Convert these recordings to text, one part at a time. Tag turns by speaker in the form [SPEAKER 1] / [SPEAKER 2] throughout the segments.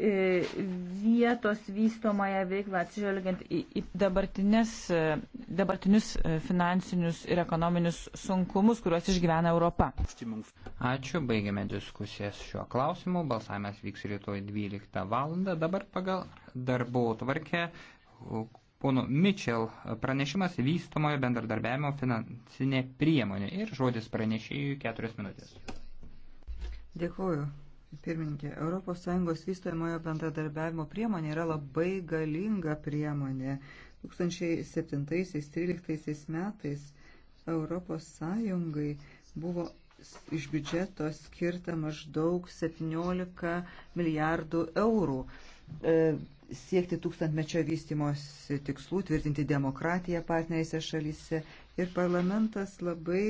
[SPEAKER 1] E, vietos vystomąją veiklą atsižvelgiant į, į e, dabartinius e, finansinius ir ekonominius sunkumus, kuriuos išgyvena Europa.
[SPEAKER 2] Ačiū, baigiame diskusijas šiuo klausimu. Balsavimas vyks rytoj 12 val. Dabar pagal darbo tvarkę. Pono Mitchell pranešimas vystomojo bendradarbiavimo finansinė priemonė ir žodis pranešėjų keturias minutės.
[SPEAKER 3] Dėkuoju. Pirmininkė, ES vystojamojo bendradarbiavimo priemonė yra labai galinga priemonė. 2007-2013 metais ES buvo iš biudžeto skirta maždaug 17 milijardų eurų e, siekti tūkstantmečio vystimosi tikslų, tvirtinti demokratiją partnerėse šalyse. Ir parlamentas labai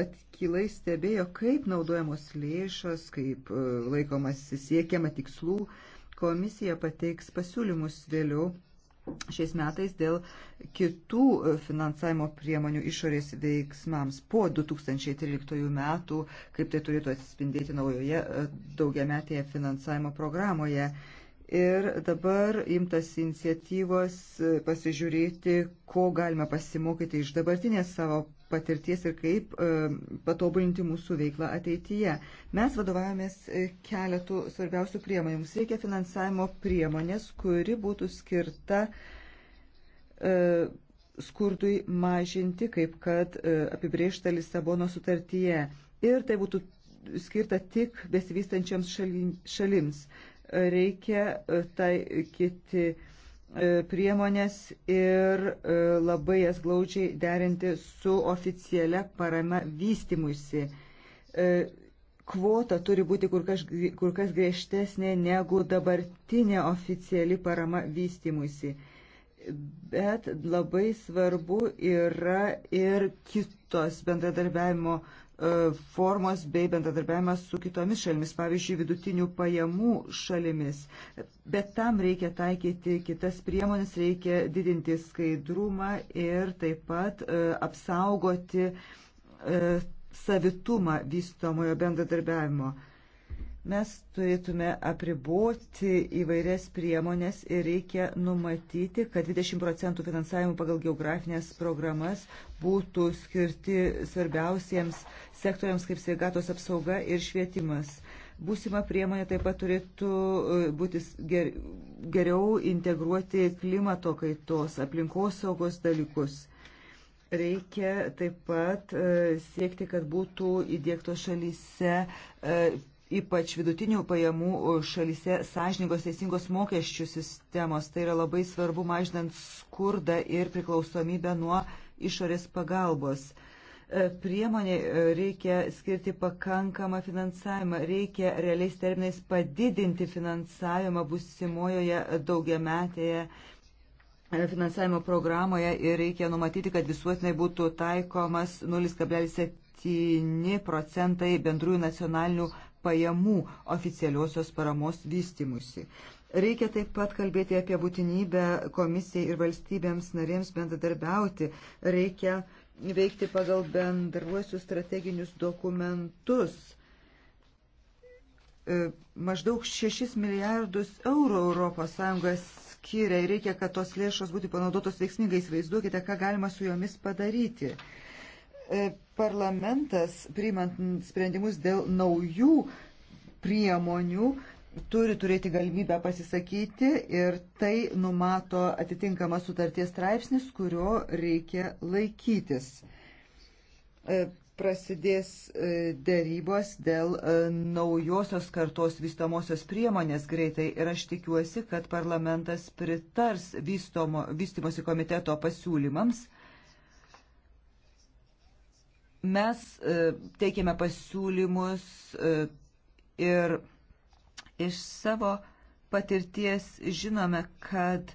[SPEAKER 3] atkilai stebėjo, kaip naudojamos lėšos, kaip e, laikomas siekiama tikslų. Komisija pateiks pasiūlymus vėliau šiais metais dėl kitų e, finansavimo priemonių išorės veiksmams po 2013 metų, kaip tai turėtų atsispindėti naujoje e, daugiametėje finansavimo programoje. Ir dabar imtas iniciatyvos pasižiūrėti, ko galime pasimokyti iš dabartinės savo patirties ir kaip e, patobulinti mūsų veiklą ateityje. Mes vadovavomės e, keletų svarbiausių priemonių. Mums reikia finansavimo priemonės, kuri būtų skirta e, skurdui mažinti, kaip kad apibriešta Lisabono sutartyje. Ir tai būtų skirta tik besivystančiams šalims. Reikia taikyti E, priemonės ir e, labai jas glaudžiai derinti su oficialia parama vystimuisi. E, kvota turi būti kur kas, kur kas griežtesnė negu dabartinė oficiali parama vystimuisi. Bet labai svarbu yra ir kitos bendradarbiavimo E, formos bei bendradarbiavimas su kitomis šalimis, pavyzdžiui, vidutinių pajamų šalimis. Bet tam reikia taikyti kitas priemonės, reikia didinti skaidrumą ir taip pat e, apsaugoti e, savitumą vystomojo bendradarbiavimo. Mes turėtume apriboti įvairias priemonės ir reikia numatyti, kad 20 procentų finansavimų pagal geografinės programas būtų skirti svarbiausiems sektoriams kaip sveikatos apsauga ir švietimas. Būsima priemonė taip pat turėtų e, būti ger, geriau integruoti klimato kaitos, aplinkosaugos dalykus. Reikia taip pat e, siekti, kad būtų įdėktos šalyse e, ypač vidutinių pajamų šalyse sąžiningos teisingos mokesčių sistemos. Tai yra labai svarbu mažinant skurdą ir priklausomybę nuo išorės pagalbos. E, priemonė e, reikia skirti pakankamą finansavimą, reikia realiais terminais padidinti finansavimą busimojoje daugiametėje e, finansavimo programoje ir reikia numatyti, kad visuotinai būtų taikomas 0,7 procentai bendrųjų nacionalinių pajamų oficialiosios paramos vystimusi. Reikia taip pat kalbėti apie būtinybę komisijai ir valstybėms narėms bendradarbiauti. Reikia veikti pagal bendruosius strateginius dokumentus. E, maždaug 6 milijardus eurų ES skiria ir reikia, kad tos lėšos būtų panaudotos veiksmingai. Įsivaizduokite, ką galima su jomis padaryti. E, parlamentas, priimant sprendimus dėl naujų priemonių, turi turėti galimybę pasisakyti ir tai numato atitinkamas sutarties straipsnis, kurio reikia laikytis. E, prasidės e, dėrybos dėl naujosios kartos vystomosios priemonės greitai ir aš tikiuosi, kad parlamentas pritars vystomo, vystimosi komiteto pasiūlymams Mes e, teikėme pasiūlymus e, ir iš savo patirties žinome, kad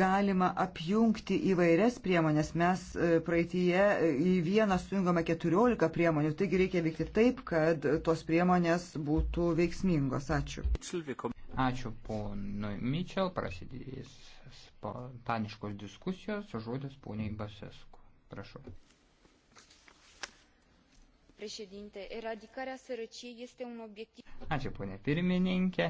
[SPEAKER 3] galima apjungti įvairias priemonės. Mes e, praeitie į vieną sujungome 14 priemonių, taigi reikia veikti taip, kad tos priemonės būtų veiksmingos. Ačiū.
[SPEAKER 2] Ačiū ponui Mitchell, prasidės spontaniškos diskusijos, žodis poniai Basesku. Prašau.
[SPEAKER 3] Eradicarea sărăciei este un obiectiv.
[SPEAKER 2] Ačiū, ponė pirmininkė.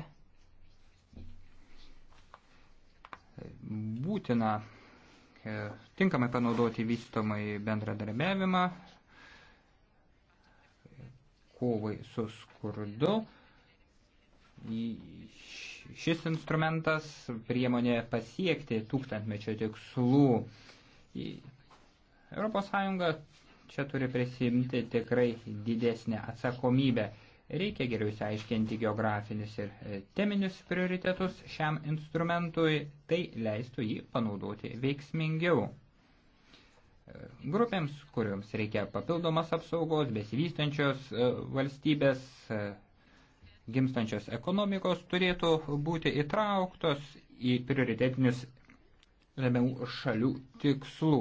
[SPEAKER 2] Būtina e, tinkamai panaudoti vystomai bendradarbiavimą, kovai su skurdu. Šis instrumentas priemonė pasiekti tūkstantmečio tikslų. ES čia turi prisimti tikrai didesnę atsakomybę. Reikia geriau įsiaiškinti geografinius ir e, teminius prioritetus šiam instrumentui, tai leistų jį panaudoti veiksmingiau. E, grupėms, kuriuoms reikia papildomas apsaugos, besivystančios e, valstybės, gimstančios ekonomikos turėtų būti įtrauktos į prioritetinius remiamų šalių tikslų.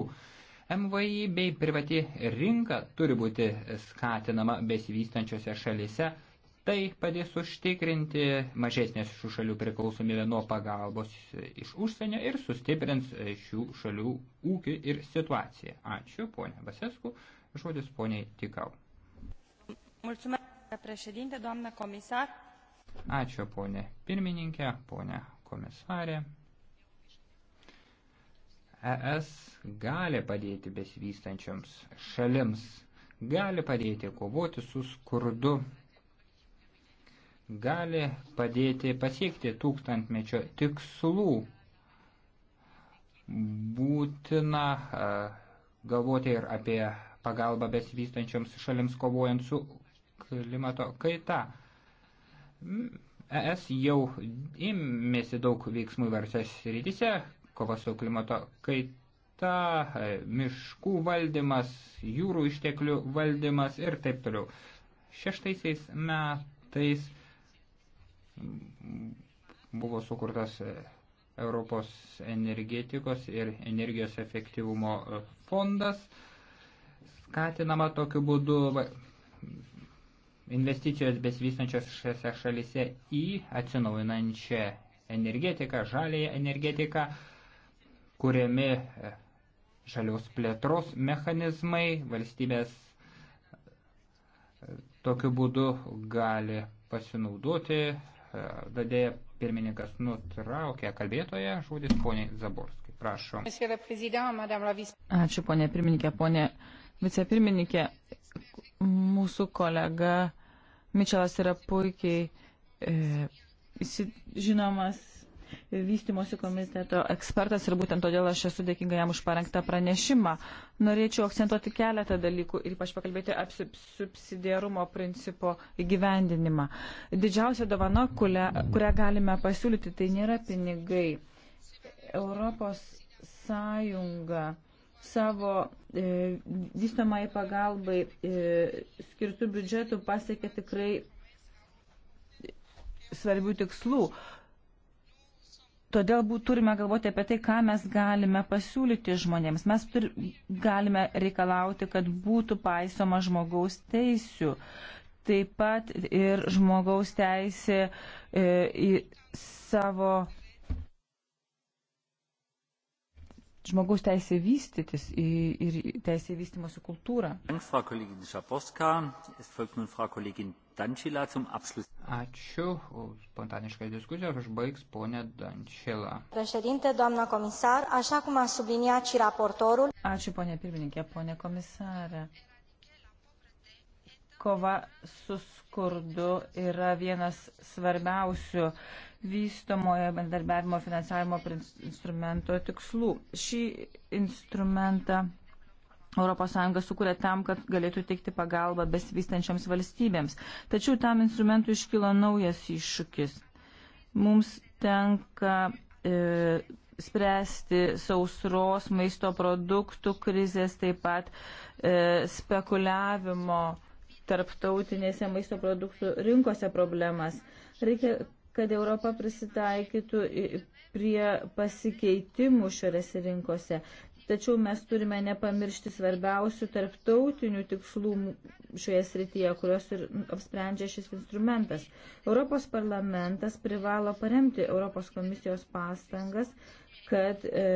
[SPEAKER 2] MVI bei privati rinka turi būti skatinama besivystančiose šalyse. Tai padės užtikrinti mažesnės šių šalių priklausomybę nuo pagalbos iš užsienio ir sustiprins šių šalių ūkį ir situaciją. Ačiū, ponė Vasesku. Žodis poniai Tikau. Ačiū, ponė pirmininkė, ponė komisarė. ES gali padėti besivystančioms šalims, gali padėti kovoti su skurdu, gali padėti pasiekti tūkstantmečio tikslų. Būtina e, galvoti ir apie pagalbą besivystančioms šalims kovojant su klimato kaita. ES jau imėsi daug veiksmų įvarsias rytise, kova su klimato kaita, e, miškų valdymas, jūrų išteklių valdymas ir taip toliau. Šeštaisiais metais buvo sukurtas e, Europos energetikos ir energijos efektyvumo e, fondas. Skatinama tokiu būdu investicijos besivystančios šiose šalise į atsinaujinančią energetiką, žalėją energetiką. energetiką kuriami e, žalios plėtros mechanizmai, valstybės e, tokiu būdu gali pasinaudoti. E, Dadėja pirmininkas nutraukė kalbėtoje, žodis poniai Zaborskai. Prašom.
[SPEAKER 1] Ačiū ponė pirmininkė, ponė vicepirmininkė. Mūsų kolega Mičelas yra puikiai e, žinomas vystimosi komiteto ekspertas ir būtent todėl aš esu dėkinga jam už parengtą pranešimą. Norėčiau akcentuoti keletą dalykų ir ypač pakalbėti apie subsidiarumo principo įgyvendinimą. Didžiausia dovana, kurią, kurią galime pasiūlyti, tai nėra pinigai. Europos Sąjunga savo e, vystamai pagalbai e, skirtų biudžetų pasiekė tikrai svarbių tikslų. E, Todėl būt, turime galvoti apie tai, ką mes galime pasiūlyti žmonėms. Mes tur, galime reikalauti, kad būtų paisoma žmogaus teisių. Taip pat ir žmogaus teisė e, į savo žmogaus teisė vystytis ir teisė vystimosi kultūrą.
[SPEAKER 2] Ačiū. Spontaniškas diskusijas užbaigs ponė Dančila.
[SPEAKER 1] Președinte, doamna comisar, așa cum a subliniat și raportorul. Ačiū, ponė pirmininkė, ponė komisarė. Kova su skurdu yra vienas svarbiausių vystomojo bendarbiavimo finansavimo instrumento tikslų. Šį instrumentą ES sukūrė tam, kad galėtų teikti pagalbą besivystančiams valstybėms. Tačiau tam instrumentui iškilo naujas iššūkis. Mums tenka e, spręsti sausros, maisto produktų krizės, taip pat e, spekuliavimo tarptautinėse maisto produktų rinkose problemas. Reikia kad Europa prisitaikytų prie pasikeitimų šiuose rinkose. Tačiau mes turime nepamiršti svarbiausių tarptautinių tikslų šioje srityje, kurios ir apsprendžia šis instrumentas. Europos parlamentas privalo paremti Europos komisijos pastangas, kad e,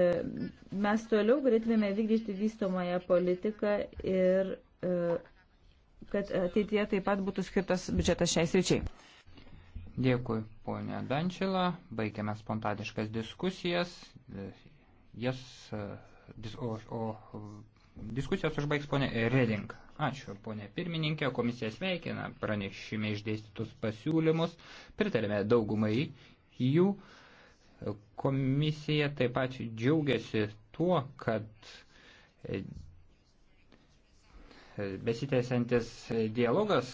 [SPEAKER 1] mes toliau galėtume vykdyti vystomąją politiką ir e, kad ateityje taip pat būtų skirtas biudžetas šiai sričiai.
[SPEAKER 2] Dėkui, ponė Dančila. Baigiame spontaniškas diskusijas. Jas, dis, o, o diskusijas užbaigs ponė Reding. Ačiū, ponė pirmininkė. Komisija sveikina pranešime išdėstytus pasiūlymus. Pritarėme daugumai jų. Komisija taip pat džiaugiasi tuo, kad besitęsiantis dialogas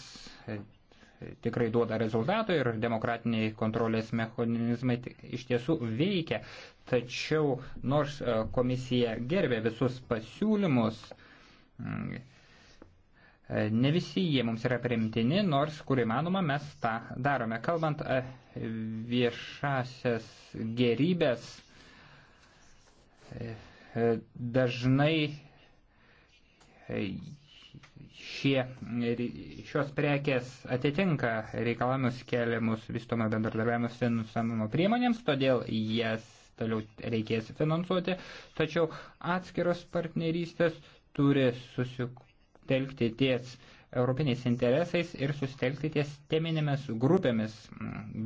[SPEAKER 2] tikrai duoda rezultatą ir demokratiniai kontrolės mechanizmai iš tiesų veikia. Tačiau nors e, komisija gerbė visus pasiūlymus, e, ne visi jie mums yra primtini, nors kur įmanoma mes tą darome. Kalbant e, viešasias gerybės, dažnai šie, šios prekės atitinka reikalavimus keliamus vystomo bendradarbiavimo finansavimo priemonėms, todėl jas toliau reikės finansuoti, tačiau atskiros partnerystės turi susitelkti ties europiniais interesais ir susitelkti ties teminėmis grupėmis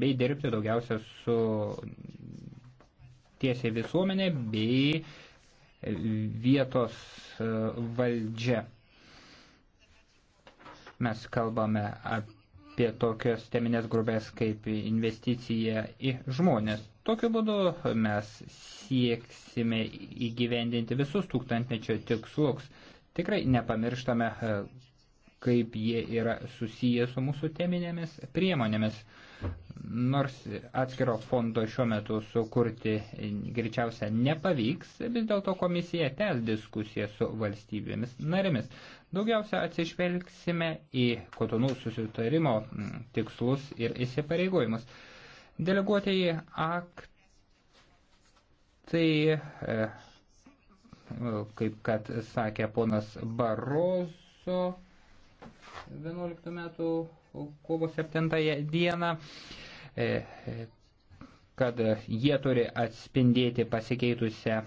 [SPEAKER 2] bei dirbti daugiausia su tiesiai visuomenė bei vietos e, valdžia. Mes kalbame apie tokios teminės grupės kaip investicija į žmonės. Tokiu būdu mes sieksime įgyvendinti visus tūkstantmečio tikslus. Tikrai nepamirštame kaip jie yra susiję su mūsų teminėmis priemonėmis. Nors atskiro fondo šiuo metu sukurti greičiausia nepavyks, vis dėlto komisija tęs diskusiją su valstybėmis narėmis. Daugiausia atsižvelgsime į kotonų susitarimo tikslus ir įsipareigojimus. Deleguotieji aktai, e, kaip kad sakė ponas Barozo, 11 metų kovo 7 dieną, e, e, kad jie turi atspindėti pasikeitusią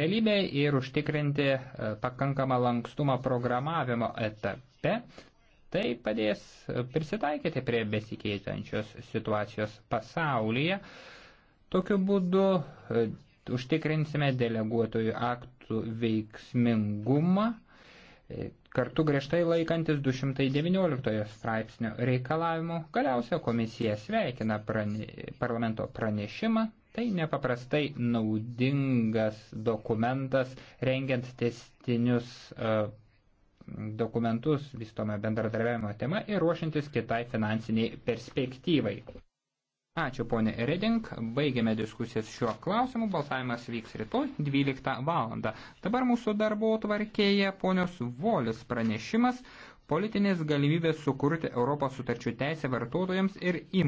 [SPEAKER 2] realybę ir užtikrinti e, pakankamą lankstumą programavimo etape. Tai padės prisitaikyti prie besikeitančios situacijos pasaulyje. Tokiu būdu užtikrinsime deleguotojų aktų veiksmingumą kartu griežtai laikantis 219 straipsnio reikalavimų, galiausia komisija sveikina prane, parlamento pranešimą. Tai nepaprastai naudingas dokumentas, rengiant testinius uh, dokumentus vystome bendradarbiavimo tema ir ruošintis kitai finansiniai perspektyvai. Ačiū ponė Reding, baigėme diskusijas šiuo klausimu, balsavimas vyks rytoj 12 val. Dabar mūsų darbo tvarkėje ponios Volis pranešimas politinės galimybės sukurti Europos sutarčių teisę vartotojams ir įmonėms.